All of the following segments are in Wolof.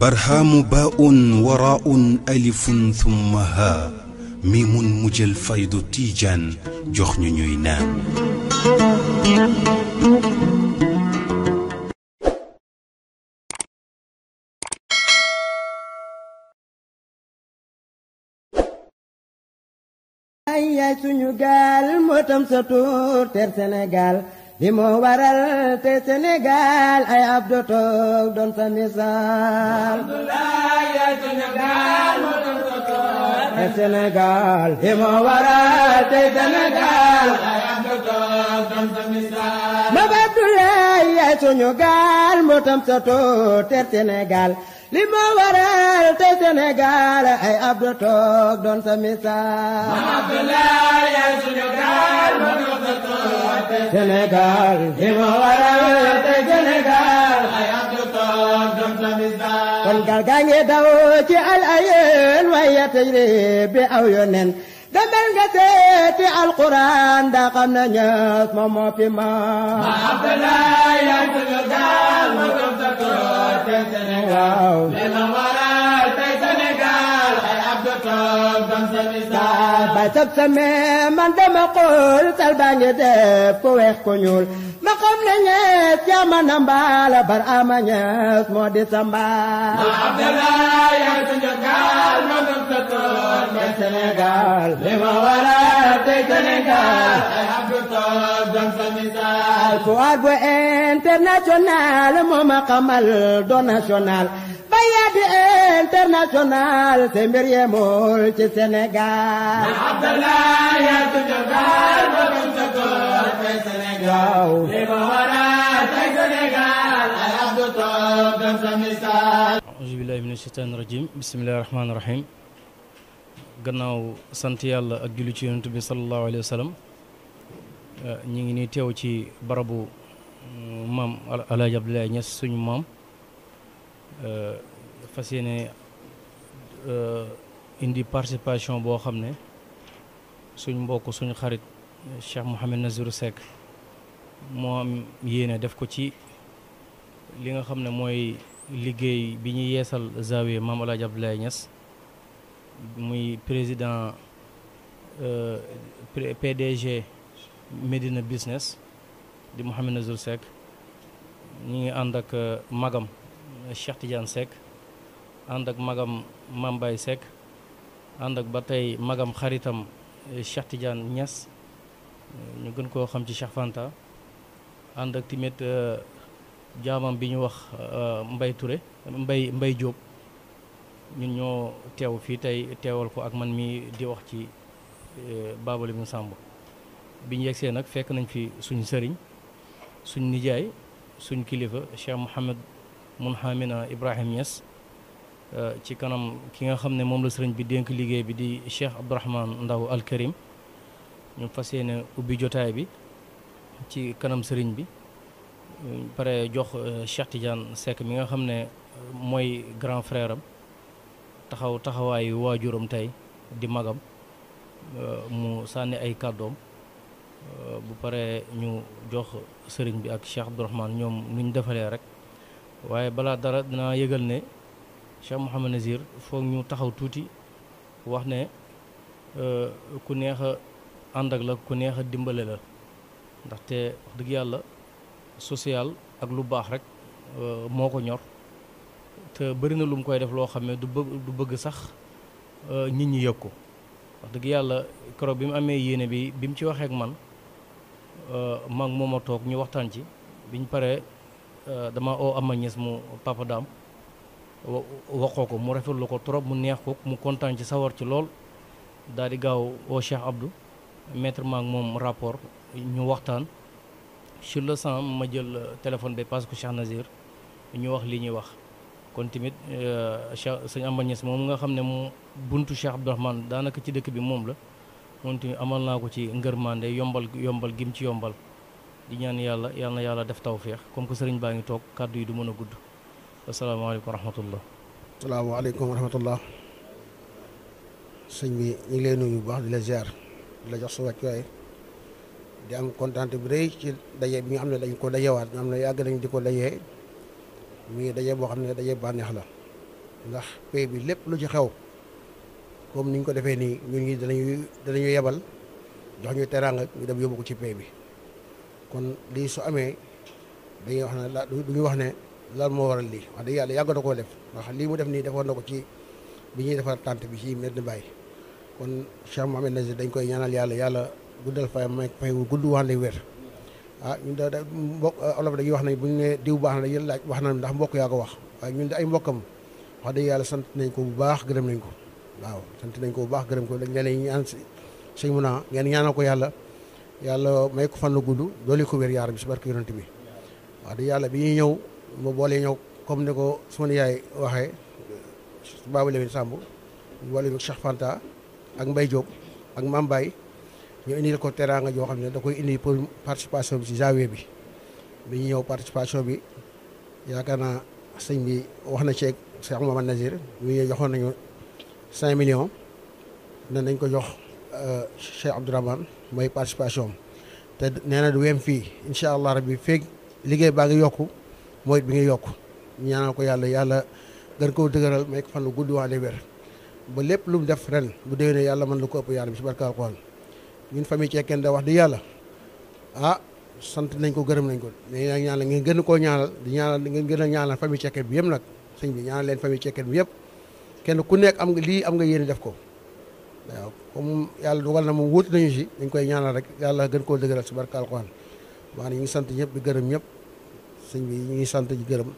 برهام باء وراء ألف ثم ها ميم مجل فيض تيجان جخن نينان ay ay suñu gaal motam sa ter Sénégal li moo waral tey Sénégal ay abdo toog don sa misaal. alhamdulilah Sénégal moo doon sa Sénégal. li moo waral tey Sénégal ay abdo toog sa tam sa Sénégal. li waral Sénégal ay sa Sénégal li ma waral tey Sénégal ay ab docteur doon la misaal kon gaal gaa ngi daw ci al ayeen waaye tey bi aw yonen demal nga seeti alquran daa xam na ñaas moom moo fi ma Abdoulaye yaa ngi Sénégal ma doon docteur tey Sénégal ba sab same man dama xool sal baa ngi ko weex ko ñuul ma xam ne ñees yaa ma nambaala bar ama ñees moo di sambaal ma Abdallah yaa suñu ma dam sa tool may Sénégal ma waral tey Sénégal ay Abdou Top dam sa misaal ku at bu international moo ma xamal do national bayaa bi international te mbir ci Sénégal na Abdallah yaa ba buñ sa góor fay Sénégal li ma waral fay Sénégal ay abdu misaal auzu billaahi gannaaw sant yàlla ak julli ci eh, ngi nii ci barabu mm, maam Alaaji Abdoulaye Niass suñu maam Euh, fas yéene euh, indi participation boo xam ne suñ mbokk suñu xarit Cheikh Mouhamed Nazirou Seck moo am yéene def ko ci li nga xam ne mooy liggéey bi ñuy yeesal zawiya Maam El Hadj Abdoulaye Niass muy président euh, PDG Medina Business di Mouhamed Nazirou Seck ñu ngi ànd ak magam Eh, Cheikh Tidiane Seck and ak magam Mambay Seck andak ak batay magam xaritam eh, Cheikh Tidiane Niass eh, ñu gën koo xam ci Cheikh Fanta and ak timet jaamam bi ñu wax Mbay Touré Mbay Mbay Diop ñun ño tew fi tay tewal ko ak man mi di wax ci Babou Lamine Samb bi yexé nak fekk nañ fi suñu sëriñ suñu nijaay suñu kilifa Cheikh mohammed mun xaamina Ibrahim Niass euh, ci kanam ki nga xam ne moom la sëriñ bi dénk liggéey bi di Cheikh Abdourahman Ndaw Al ñu fas yéene ubbi jotaay bi ci kanam sëriñ bi jox euh, Cheikh Seck mi nga xam ne euh, mooy grand frère taxaw taxawaayu waajuram tey di magam mu sànni ay kàddoom bu paree ñu jox sëriñ bi ak Cheikh Abdourahman ñoom nuñ defalee rek waaye balaa dara dinaa yëgal ne Cheikh Mouhamed Nazir foog ñu taxaw tuuti wax ne euh, ku neexa a ànd ak la ku neex a dimbale la ndaxte wax dëgg yàlla social ak lu baax rek euh, moo ko ñor te bëri na lu mu koy def loo xam ne du bë bëgg sax euh, nit ñi yëg ko wax dëgg yàlla keroog bi mu amee yéene bi bi mu ci waxee ak man mag moom toog ñu waxtaan ci biñ paree. Euh, dama oo am ñes mu papa daam waxoo ko mu rafetlu ko trop mu neex ko mu kontaan ci sawar ci lool daal di gaaw oo Cheikh Abdou maître ma ak moom rapport ñu waxtaan sur le sang ma jël euh, téléphone bi parce que Cheikh Nazir ñu wax li ñuy wax kon tamit euh, Cheikh sëñ Amba Niass moom nga xam ne mu buntu Cheikh Abdourahmane daanaka ci dëkk bi moom la moom tamit amal naa ko ci ngërmande yombal yombal gim ci yombal di ñaan yàlla yal na yàlla def tawféex comme que sëriñ baa ngi toog kàddu yi du mën a gudd asalaamaaleykum wa rahmatullah asalaamaaleykum wa rahmatullah sëñ bi ñu ngi lay nuyu baax di la ziar di la jox sa wàccuwaay di am kontaan bu rëy ci daje bi nga xam ne dañ ko dajewaat nga xam ne yàgg nañ di ko dajee muy daje boo xam ne daje bànneex la ndax pay bi lépp lu ci xew comme ñu ko defee nii ñun ñi danañuy danañu yebal jox ñu teraanga ñu def yóbbu ko ci pay bi kon lii su amee dañuy wax ne la duñu wax ne lan moo waral lii wax dëgg yàlla yàgg da koo def ndax lii mu def nii defoon na ko ci bi ñuy defar tànt bi ci Medina Baye kon Cheikh Mouhamed Nazir dañ koy ñaanal yàlla yàlla guddal fay may fay wu gudd waan lay wer ah ñun da mbokk euh, olof dañuy wax nañ bu ñu nee diw baax na yéen wax na ndax mbokk yaa ko wax waaye ñun de ay mbokkam wax dëgg yàlla sant nañ ko bu baax gërëm nañ ko waaw sant nañ ko bu baax gërëm ko dañ leen ñaan sëñ mu naa ngeen ñaanal ko yàlla yàlla may ko fan la gudd doole ko wér yaaram si barke yonent bi wax dëgg yàlla bi ñuy ñëw ma boolee ñëw comme ni ko suma yaay waxee Baaba Lewin Samb boole ñu Cheikh Fanta ak mbay Diop ak Mame Baye ñu indil ko teraanga joo xam ne da koy indi pour participation bi si janvier bi bi ñu ñëw participation bi yaakaar naa sëñ bi wax na ceeg Cheikh Mohamad Nazir ñu joxoon nañu 5 millions ne nañ ko jox Cheikh Abdourahmane mooy participation te nee na du wem fii incha allah rabbi feeg liggéey baa ngi yokk mooy bi ngi yokk ñaanal ko yàlla yàlla gën koo dëgëral may ko fan lu gudd waane wér ba lépp lu mu def ren bu déwénee yàlla mën lu ko ëpp yaana bi si barka alquran ñun famille Cekkeen da wax di yàlla ah sant nañ ko gërëm nañ ko mais nag ñaanal ngeen gën koo ñaanal di ñaanal ngeen gën a ñaanal famille bi yëpp nag sëñ bi leen famille Cekkeen bi yëpp kenn ku nekk am nga lii am nga yéene def ko waaw comme yàlla dogal na moom wóotu nañu si dañ koy ñaanal rek yàlla gën koo dëgëral si barka alxuraan maanaam ñu ngi sant ñëpp di gërëm ñëpp sëñ bi ñu ngi sant di gërëm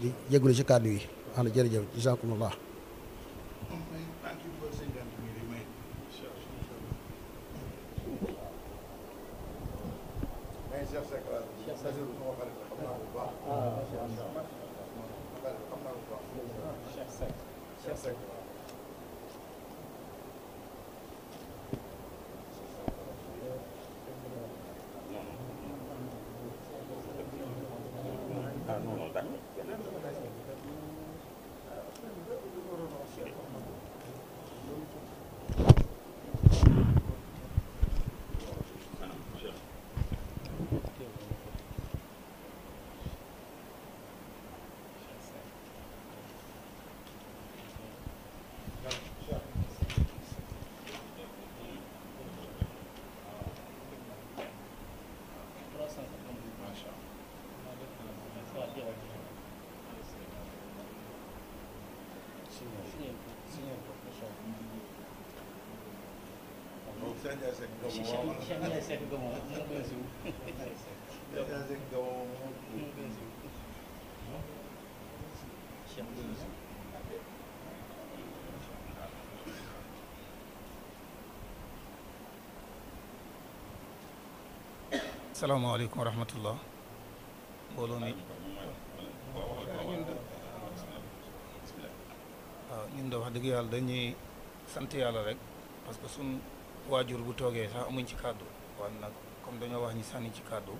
di jégalu si kàddu yi wax na jërëjëf jisaakumullah Cheikh Seck السلام عليكم ورحمة الله بولوني ñun de wax dëgg yàlla dañuy sant yàlla rek parce que suñ waajur bu toogee sax amuñ ci kàddu waaye nag comme dañoo wax ñi sànni ci kàddu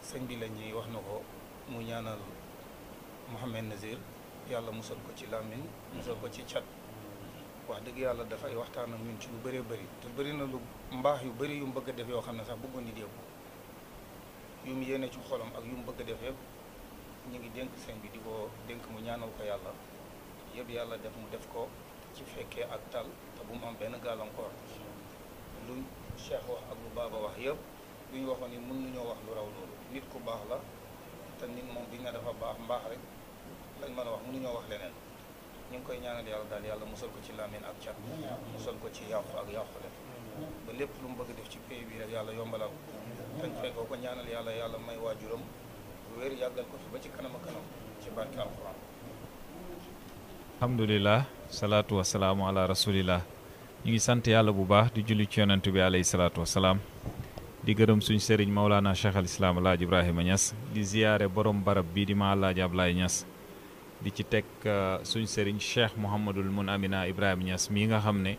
sëñ bi la ñuy wax na ko mu ñaanal Mouhamed Nazir yàlla musal ko ci làmmiñ musal ko ci cat wax dëgg yàlla dafay waxtaan ak ñun ci lu baree bari te bëri na lu mbaax yu bari yu mu bëgg a def yoo xam ne sax bëggoon di dégg yu mu yéene ci xolam ak yu mu bëgg a def yëpp ñu ngi dénk sëñ bi di ko dénk mu ñaanal ko yàlla yëpp yàlla def mu def ko ci fekkee ak tal te bu mu benn gàllankoor lu cheikh wax ak lu baaba wax yëpp lu ñu waxoon ni mën ñoo wax lu raw loolu nit ku baax la te nit moom bi nga dafa baax mbaax rek lañ man a wax mënuñoo wax leneen ñu ngi koy ñaanal yàlla daal yàlla musal ko ci làmmiñ ak cat musal ko ci yàqu ak yàqule ba lépp lu mu bëgg def ci pays bi rek yàlla yombalal ko dañ fekkoo ko ñaanal yàlla yàlla may waajuram wér yàggal ko fi ba ci kanam a ci barke alxuraan alhamdulilah salaatu wasalaamu ala rasulillah ñu ngi sant yàlla bu baax di julli ci yonent bi alayhi salaatu wasalaam di gërëm suñ sëriñ Maulana Cheikh al Islam Alaaji Ibrahima di ziyaare boroom barab bii di ma Alaaji Ablaye Niass di ci teg uh, suñ sëriñ Cheikh Mouhamadul Mun Amina Ibrahima ñas mii nga xam ne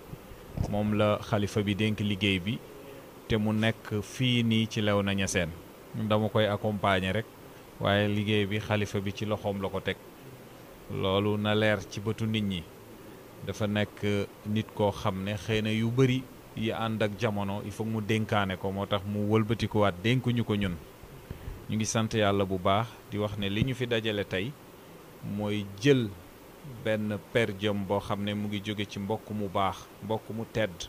moom la xalifa bi dénk liggéey bi te mu nekk fii nii ci Léona Niassène dama koy accompagner rek waaye liggéey bi xalifa bi ci loxoom la ko teg loolu na leer ci bëtu nit ñi dafa nekk nit koo xam ne xëy na yu bëri yi ànd ak jamono il faut mu dénkaane ko moo tax mu wëlbatikuwaat dénkuñu ko ñun ñu ngi sant yàlla bu baax di wax ne li ñu fi dajale tey mooy jël benn per boo xam ne mu ngi jóge ci mbokk mu baax mbokk mu tedd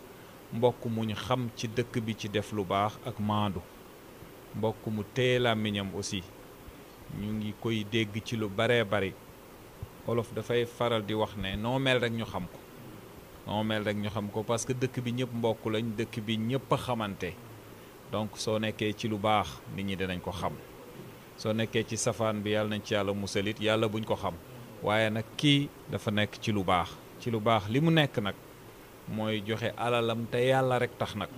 mbokk mu ñu xam ci dëkk bi ci def lu baax ak maandu mbokk mu téye làmmiñam aussi ñu ngi koy dégg ci lu baree bari olof dafay faral di wax ne noo mel rek ñu xam ko noo mel rek ñu xam ko parce que dëkk bi ñëpp mbokk lañu dëkk bi ñëpp xamante donc soo nekkee ci lu baax nit ñi dinañ ko xam soo nekkee ci safaan bi yàlla nañ ci yàlla musalit yàlla buñ ko xam waaye nag kii dafa nekk ci lu baax ci lu baax li mu nekk nag mooy joxe alalam te yàlla rek tax nag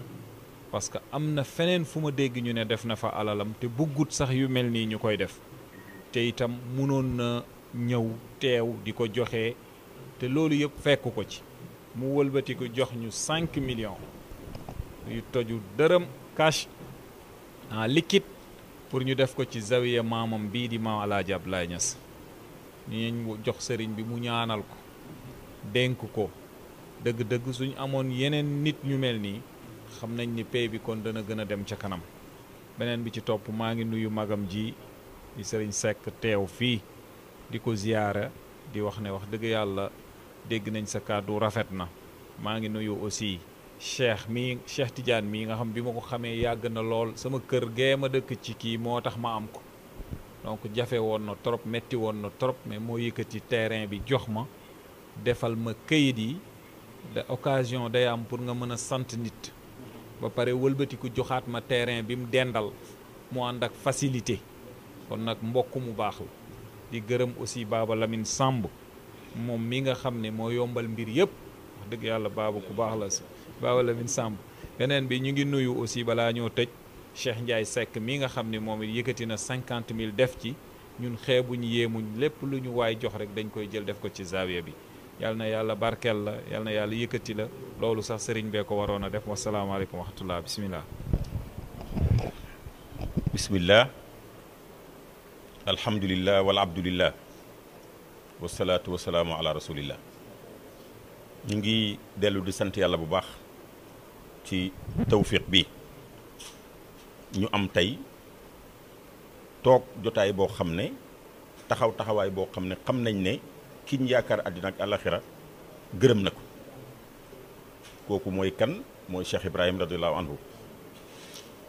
parce que am na feneen fu ma dégg ñu ne def na fa alalam te buggut sax yu mel nii ñu koy def te itam munoon na ñëw teew di ko joxe te loolu yëpp fekk ko ci mu wëlbatiku jox ñu 5 millions yu toju dërëm cash en pour ñu def ko ci zawiya maamam bii di maam Alaaji Abdoulaye Niass ñu jox sëriñ bi mu ñaanal ko dénk ko dëgg-dëgg suñu amoon yeneen nit ñu mel nii xam nañ ni pay bi kon dana gën a dem ca kanam beneen bi ci topp maa ngi nuyu magam ji di sëriñ Seck teew fii di ko ziyaara di wax ne wax dëgg yàlla dégg nañ sa kàddu rafet na maa ngi nuyu aussi cheikh mii cheikh Tidiane mii nga xam bi ma ko xamee yàgg na lool sama kër gee ma dëkk ci kii moo tax ma am ko donc jafe woon na trop metti woon na trop mais moo yëkkati terrain bi jox ma defal ma kayit yi da occasion day am pour nga mën a sant nit ba pare wëlbatiku joxaat ma terrain bi mu dendal mu ànd ak facilité kon nag mbokk mu baax di gërëm aussi Baba Lamine Samb moom mii nga xam ne moo yombal mbir yëpp wax dëgg yàlla Baba ku baax la si Baba Lamine Samb beneen bi ñu ngi nuyu aussi balaa ñoo tëj Cheikh Ndiaye Seck mii nga xam ne moom it yëkkati na cinquante mille def ci ñun xeebuñ yéemuñ lépp lu ñu waay jox rek dañ koy jël def ko ci zawiya bi yal na yàlla barkeel la yal na yàlla yëkkati la loolu sax sëriñ bee ko waroon a def wasalaamaaleykum wa rahmatullah bisimilah. bisimilah. الحمد لله والعبد لله والصلاة والسلام على رسول الله نجي دلو دي سنتي الله بباخ تي توفيق بي نيو أم تاي توك جوتاي بو خمني تخاو تخاواي بو خمني خمني ني كين ياكار أدناك الأخرة جرم نكو كوكو موي كان موي شيخ إبراهيم رضي الله عنه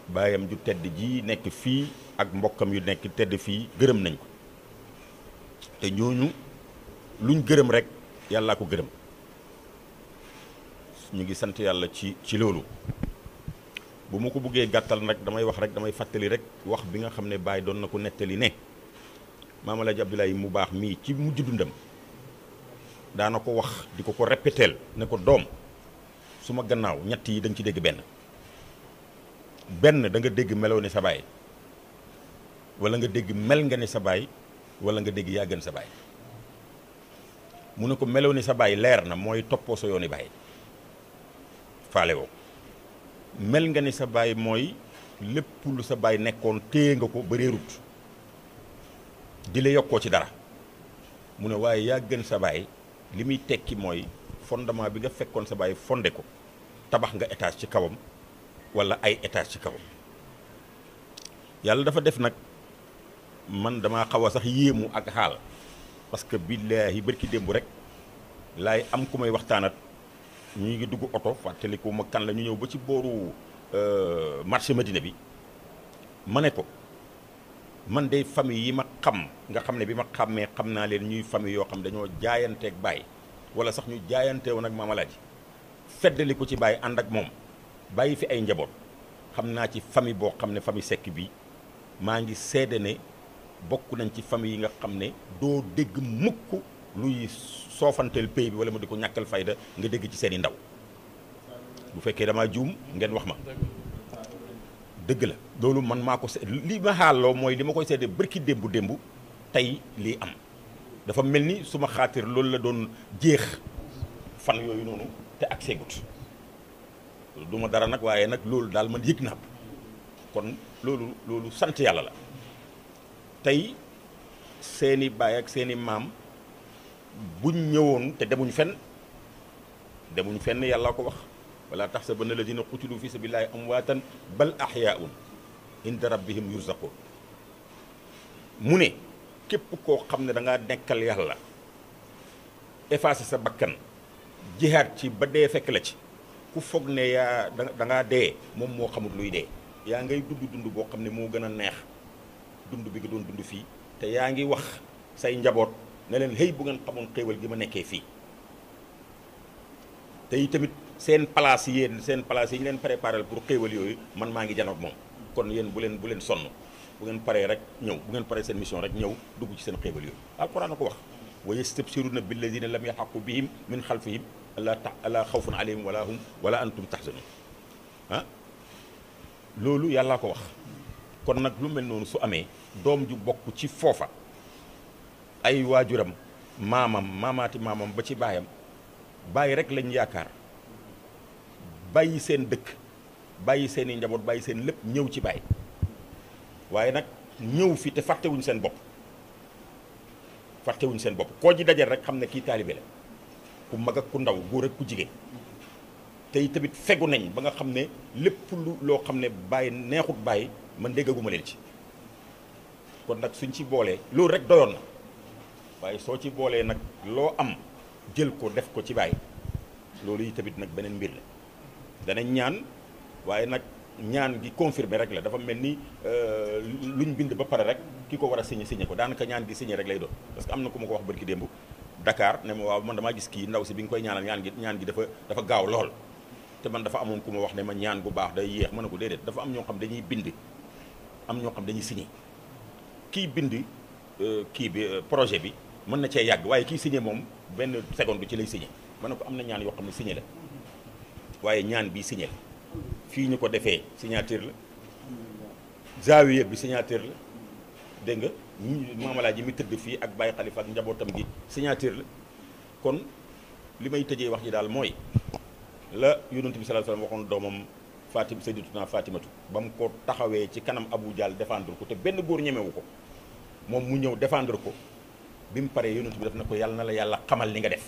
bayam ju tedd ji nek fi ak mbokam yu nek tedd fi gërem nañ ko te ñooñu luñu gërem rek yalla ko gërem ñu ngi sant yalla ci ci lolu bu mako bëggee gattal nak damay wax rek damay fatali rek wax bi nga xamne ne doon nako netali ne Maam Alaaji Abdoulaye mu baax mi ci mujj dundam daana ko wax diko ko répéter ne ko dom suma gannaaw ñatt yi dañ ci dégg benn benn danga dégg meloo ni sa baay wala nga dégg mel nga ni sa baay wala nga dégg yaa gën sa baay mu ne ko meloo ni sa baay leer na mooy toppoo sa yooni baay faale woo mel nga ni sa baay mooy lépp lu sa baay nekkoon téye nga ko ba réerut di la yokkoo ci dara mu ne waaye yaa gën sa baay li muy tekki mooy fondement bi nga fekkoon sa baay fonde ko tabax nga étage ci kawam wala ay étage ci kaw yàlla dafa def nag man damaa xaw a sax yéemu ak xaal parce que billaahi bërki démb rek laay am ku may waxtaanat ñu ngi dugg oto fàttaliku ma kan la ñu ñëw ba ci booru euh, marché Medina bi ma ne ko man de famille yi ma xam nga xam ne bi ma xàmmee xam naa leen ñuy famille yoo xam dañoo jaayanteeg baay wala sax ñu jaayante woon ak maamalaaji feddali ko ci baay ànd ak moom bàyyi fi ay njaboot xam naa ci famille boo xam ne famille sekk bi maa ngi seede ne bokk nañ ci famille yi nga xam ne doo dégg mukk luy soofanteel pays bi wala ma di ko ñàkkal fayda nga dégg ci seen i ndaw bu fekkee damaa juum ngeen wax ma dëgg la loolu man maa ko se li ma xaaloo mooy li ma koy seede bërki démbu démb tey lii am dafa mel ni suma xaatir loolu la doon jeex fan yooyu noonu te ak seegut du ma dara nag waaye nag loolu daal man yëg naa kon loolu loolu sant yàlla la tey seeni baay ak seeni maam bu ñëwoon te demuñ fenn demuñ fenn yàlla ko wax tax wala taxsabanna alladina qutilu fi sabilillahi amwaatan bal ahyaun inda rabbihim yurzaqun mu ne képp koo xam ne danga ngaa nekkal yàlla effacé sa bakkan jihaat ci ba dee fekk la ci ku foog ne yaa da ngaa dee moom moo xamul luy dee yaa ngay dund dund boo xam ne moo gën a neex dund bi nga doon dund fii te yaa ngi wax say njaboot ne leen xëy bu ngeen xamoon xéewal gi ma nekkee fii te itamit seen place yéen seen place yi ñu leen préparé pour xéewal yooyu man maa ngi janoog moom kon yéen bu leen bu leen sonn bu ngeen paree rek ñëw bu ngeen paree seen mission rek ñëw dugg ci seen xéewal yooyu alquran a ko wax wa yastabsiruna billadina lam yalhaqu bihim min xalfihim لا لا خوف عليهم ولا هم ولا انتم تحزنون ها لولو يلا كو واخ كون نك لو مل نون سو امي دوم جو بوك تي فوفا اي واجورم مامام ماماتي مامام با تي بايام باي رك لا نياكار باي سين دك باي سين نجابوت باي سين لب نيو تي باي واي نك نيو في تفاتي وون سين بوب فاتي وون سين بوب كو جي داجال رك خامنا كي طالب لا ku mag ak ku ndaw góor ak ku jigéen tey tamit fegu nañ ba nga xam ne lépp lu loo xam ne bàyyi neexut bàyyi man déggaguma leen ci kon nag suñ ci boolee loolu rek doyoon na waaye soo ci boolee nag loo am jël ko def ko ci bàyyi loolu yi tamit nag beneen mbir la danañ ñaan waaye nag ñaan gi confirmé rek la dafa mel ni euh, luñ bind ba pare rek ki ko war a signé signé ko daanaka ñaan gi signé rek lay doon parce que am na ku ma ko wax barki démb Dakar ne ma waaw man damaa gis kii ndaw si bi nga koy ñaanal ñaan gi ñaan bi dafa dafa gaaw lool te man dafa amoon ku ma wax ne ma ñaan bu baax day yéex ma ne ko déedéet dafa am ñoo xam dañuy bind am ñoo xam dañuy kii bind euh, kii bi euh, projet bi mën na cee yàgg waaye kii signé moom benn seconde bi ci lay signé ma ne ko am na ñaan yoo xam ne signé la waaye ñaan bi siñe la fii ñu ko defee signature la zaawiya bi signature la dégg nga maamalaa ji mi tëdd fii ak Baye Khalifa ak njabootam gi signature la kon li may tëjee wax ji daal mooy la yonent bi sallallahu alayhi wasallam waxoon doomam Fatim Sayyidatuna Fatimatu ba mu ko taxawee ci kanam Abu Jahl défendre ko te benn góor ñemewu ko moom mu ñëw défendre ko bi mu paree yonent bi def na ko yàlla na la yàlla xamal li nga def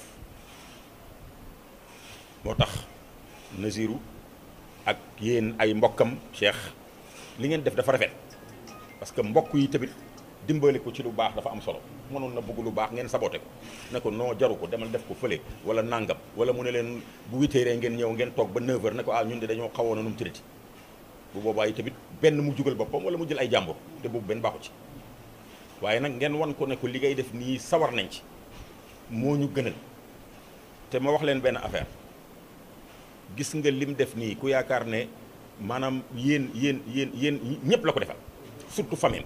moo tax Naziru ak yéen ay mbokkam Cheikh li ngeen def dafa rafet parce que mbokk yi tamit dimbali ko ci lu baax dafa am solo mënoon na bugg lu baax ngeen saboté ko ne ko non jaru ko demal def ko fële wala nàngam wala mu ne leen bu witeeree ngeen ñëw ngeen toog ba 9h ne ko ah ñun de dañoo xawoon na nu mu bu boobaa yi tamit benn mu jugal boppam wala mu jël ay jàmbur te boobu benn baaxu ci waaye nag ngeen wan ko ne ko li ngay def nii sawar nañ ci moo ñu gënal te ma wax leen benn affaire gis nga lim def nii ku yaakaar ne maanaam yéen yéen yéen yéen ñëpp la ko defal surtout famille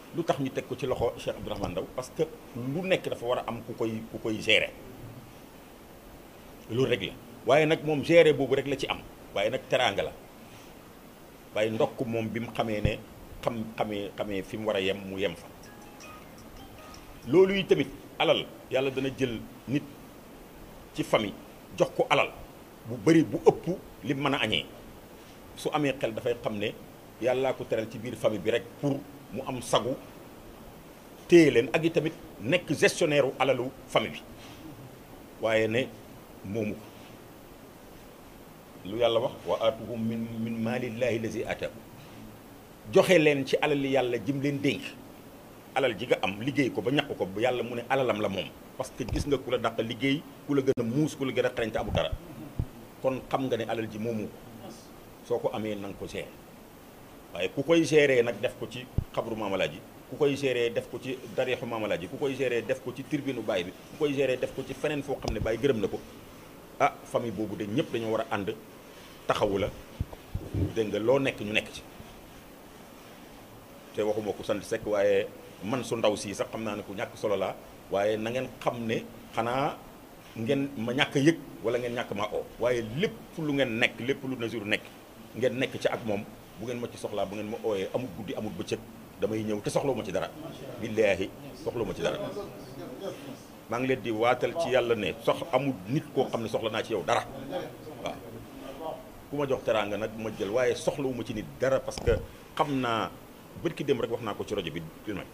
lu tax ñu teg ko ci loxo Cheikh Abdourahmane Ndaw parce que lu nekk dafa war a am ku koy ku koy gérer loolu rek waaye nag moom gérer boobu rek la ci am waaye nag teraanga la waaye ndokk moom bi mu xamee ne xam xamee xamee fi mu war a yem mu yem fa loolu yi tamit alal yàlla dana jël nit ci famille jox ko alal bu bari bu ëpp li mën a añee su amee xel dafay xam ne yàllaa ko teral ci biir famille bi rek mu am sagu téye leen ak i tamit nekk gestionnaire u alalu famille bi waaye ne moomu ko lu yàlla wax wa aatuhum min min maalillahi lazi aataakum joxe leen ci alali yàlla jëm leen dénk alal ji nga am liggéey ko ba ñàkk ko ba yàlla mu ne alalam la moom parce que gis nga ku la dàq liggéey ku la gën a muus ku la gën a xarañte abu dara kon xam nga ne alal ji moomu ko soo ko amee nang ko gérer waaye ku koy gérer nag def ko ci xabru maamalaaji ku koy gérer def ko ci darixu maamalaaji ku koy gérer def ko ci tirbinu baay bi ku koy gérer def ko ci feneen foo xam ne baay gërëm na ko ah famille boobu de ñëpp dañoo war a ànd taxawu la dégg nga loo nekk ñu nekk ci te waxuma ko sant Seck waaye man su ndaw sii sax xam naa ne ku ñàkk solo laa waaye nangeen xam ne xanaa ngeen ma ñàkk yëg wala ngeen ñàkk ma oo waaye lépp lu ngeen nekk lépp lu Nazirou nekk ngeen nekk ci ak moom bu ngeen ma ci soxlaa bu ngeen ma ooyee amul guddi amul bëccëg damay ñëw te soxloo ma ci dara billaahi soxloo ma ci dara maa ngi leen di waatal ci yàlla ne sox amul nit koo xam ne soxla naa ci yow dara waaw ku ma jox teraanga nag ma jël waaye soxlawuma ci nit dara parce que xam naa bët ki dem rek wax naa ko ci rajo bi nag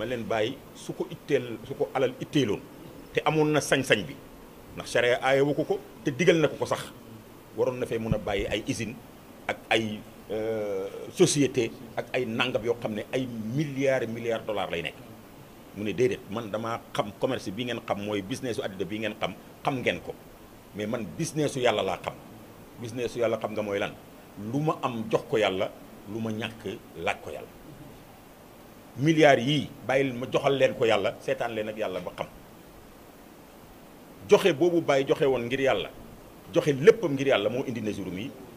ma leen bàyyi su ko itteel su ko alal itteeloon te amoon na sañ-sañ bi ndax charia aayewu ko ko te digal na ko ko sax waroon na fee mun a bàyyi ay usine ak ay Euh, société ak ay nangam yoo xam ne ay milliards milliards dollars lay nekk mu ne déedéet man dama xam commerce bi ngeen xam mooy business su bi ngeen xam xam ngeen ko mais man business su yàlla laa xam business su yàlla xam nga mooy lan lu ma am jox ko yàlla lu ma ñàkk laaj ko yàlla milliards yii bàyyil ma joxal leen ko yàlla seetaan leen ak yàlla ba xam joxe boobu bàyyi joxe woon ngir yàlla joxe léppam ngir yàlla moo indi na juróom yi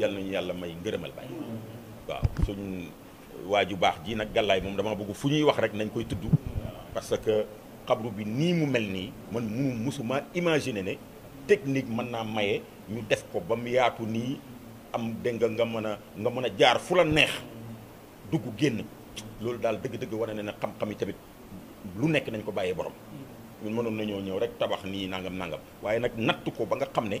yal nañu yàlla may ngërëmal baay waaw suñ waa ju baax ji nag gàllaay moom dama bëgg fu ñuy wax rek nañ koy tudd parce que xabru bi nii mu mel nii man mu musuma imaginer ne technique mën naa maye ñu def ko ba mu yaatu nii am dégg nga mën a nga mën a jaar fu la neex dugg génn loolu daal dëgg-dëgg wane na ne xam-xam yi tamit lu nekk nañ ko bàyyee borom ñun mënoon nañoo ñëw rek tabax nii nangam nangam waaye nag natt ko ba nga xam ne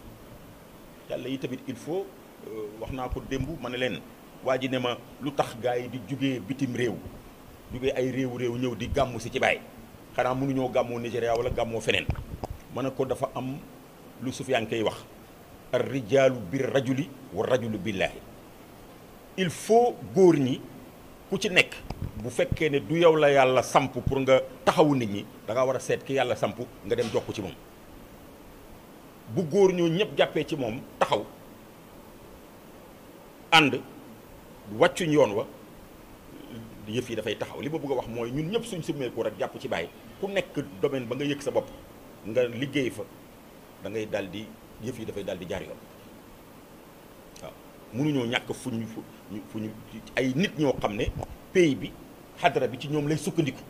yàlla yi tamit il faut euh, wax naa ko démb ma ne leen waa ji ne ma lu tax gars yi di jugee bitim réew jugee ay réew réew ñëw di gàmmu si ci baay xanaa mënuñoo gàmmoo Nigéria wala gàmmoo feneen ma ne ko dafa am lu sufiyankey wax ar rijaalu bir rajuli wa rajulu billaahi il faut góor ñi ku ci nekk bu fekkee ne du yow la yàlla samp pour nga taxawu nit ñi da war a seet ki yàlla samp nga dem jox ci moom bu góor ñoo ñëpp jàppee ci moom taxaw ànd wàccuñ yoon wa yëf yi dafay taxaw li ma bëgg a wax mooy ñun ñëpp suñ summeeku rek jàpp ci bàyyi ku nekk domaine ba nga yëg sa bopp nga liggéey fa da ngay dal di yëf yi dafay dal di jaar yoon waaw mënuñoo ñàkk fu ñu fu ñu ay nit ñoo xam ne pays bi xadara bi ci ñoom lay sukkandiku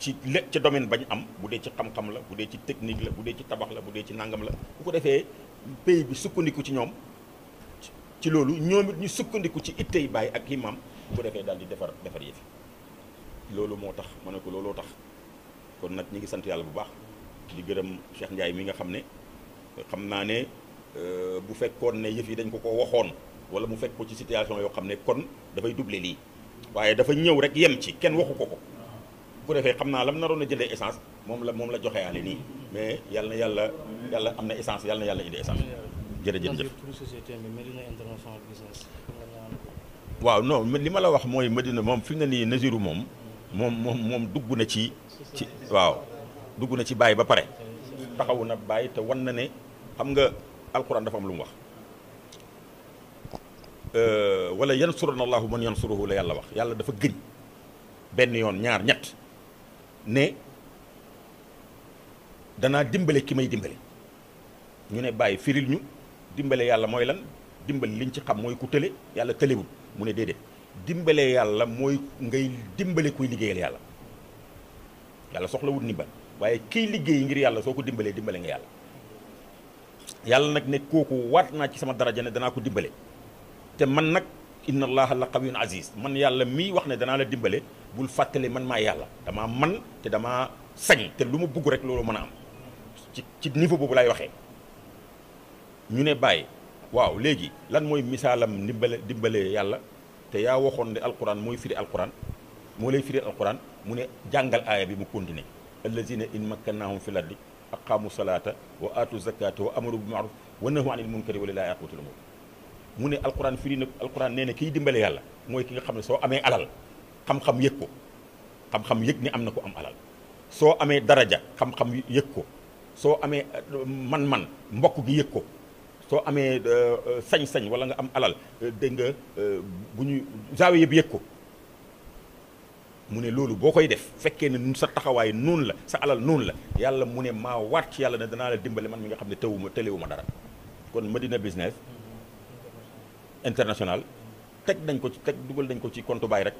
ci le ci domaine bañ am bu dee ci xam-xam la bu dee ci technique la bu dee ci tabax la bu dee ci nangam la bu ko defee pays bi sukkandiku ci ñoom ci loolu ñoom it ñu sukkandiku ci ittey baay ak imam bu ko defee daal di defar defar yëfi loolu moo tax ma ne ko looloo tax kon nag ñi ngi sant yàlla bu baax di gërëm Cheikh Ndiaye mi nga xam ne xam naa ne euh, bu fekkoon ne yëf yi dañ ko ko waxoon wala mu fekk ko ci situation yoo xam ne kon dafay duble lii waaye dafa ñëw rek yem ci kenn waxu ko ko bu ko defee xam naa lam naroon a jëndee essence moom la moom la joxe aale nii mais yàlla yàlla yàlla am na essence yàlla na yàlla indi essence jërëjëf jëf waaw non li ma la wax mooy Medina moom fi mu ne nii Nazirou moom moom moom moom dugg na ci ci waaw dugg na ci bàyyi ba pare taxawu na bàyyi te wan na ne xam nga alxuraan dafa am lu mu wax euh, wala yansurana allahu man yansuruhu la yàlla wax yàlla dafa gëñ benn yoon ñaar ñett ne danaa dimbale ki may dimbale ñu ne bàyyi firil ñu dimbale yàlla mooy lan dimbale liñ ci xam mooy ku tële yàlla tëlewul mu ne déedéet dimbale yàlla mooy ngay dimbale kuy liggéeyal yàlla yàlla soxlawul ndimbal waaye kiy liggéeyi ngir yàlla soo ko dimbalee dimbale nga yàlla yàlla nag ne kooku waat naa ci sama daraja ne danaa ko dimbale te man nag inna allaha la qawiyun aziz man yàlla mii wax ne danaa la dimbale bul fatale man ma yàlla dama man te dama sañ te luma ma bugg rek lolu mën a am ci ci niveau bobu lay waxé ñu ne bàyyi waaw léegi lan moy misalam dimbalé dimbale yàlla te ya waxon ni alquran moy firi alquran mo lay firi alquran mu ne jàngal aya bi mu kontiné allazina in makkanahum fil ardi aqamu salata wa atu zakata wa amru bil ma'ruf wa nahu anil munkari wa lillahi aqibatul umur mu ne alquran firi na alquran nee na kiy dimbale yàlla moy ki nga xamné so amé alal xam-xam yëg ko xam-xam yëg ni am na ko am alal soo amee daraja xam-xam yég ko soo amee euh, man-man mbokk gi yëg ko soo amee euh, sañ-sañ wala nga am alal euh, dégg nga bu ñu jaawe yëpp yëg ko mu ne loolu boo koy def fekkee ne sa taxawaay noonu la sa alal noonu la yàlla mu ne maa waat ci yàlla ne danaa la dimbali man mi nga xam ne tewuma telewuma dara kon Medina business mm-hmm. international teg nañ ko ci teg dugal nañ ko ci compte baay rek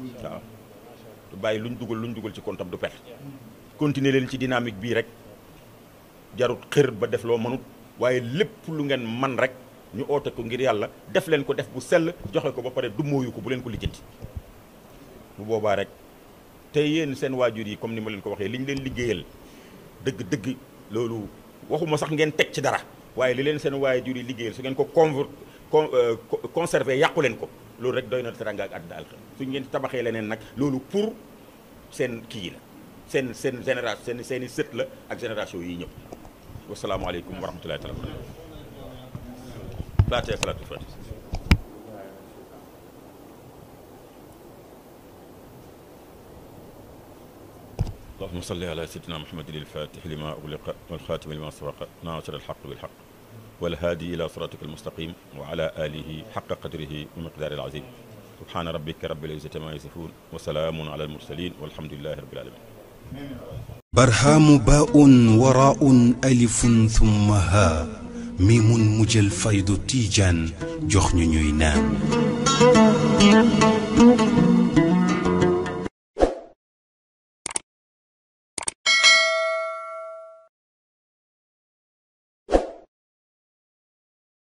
waaw du bàyyi luñ dugal luñ dugal ci comptam du perte continuer leen ci dynamique bii rek jarut xër ba def loo mënut waaye lépp lu ngeen man rek ñu oote ko ngir yàlla def leen ko def bu sell joxe ko ba pare du mooyu ko bu leen ko lijjanti bu boobaa rek te yéen seen waajur yi comme ni ma leen ko waxee li ñu leen liggéeyal dëgg-dëgg loolu waxuma sax ngeen teg ci dara waaye li leen seen waajur yi liggéeyal su ngeen ko conver euh, conserver yàqu leen ko lolu rek doy teranga ak àdduna alxem suñ ngeen tabaxé lenen nak lolu pour sen ki la sen sen génération sen sen seut la ak génération yi ñëpp wa salaamu alaykum wa rahmatullahi taala fatiha salatu fatiha اللهم صل على سيدنا محمد الفاتح لما أغلق والخاتم لما سبق ناصر الحق بالحق والهادي إلى صراطك المستقيم وعلى آله حق قدره ومقدار العظيم سبحان ربك رب العزة ما يصفون وسلام على المرسلين والحمد لله رب العالمين برهام باء وراء ألف ثم ها ميم مجل فيض تيجان جخن نام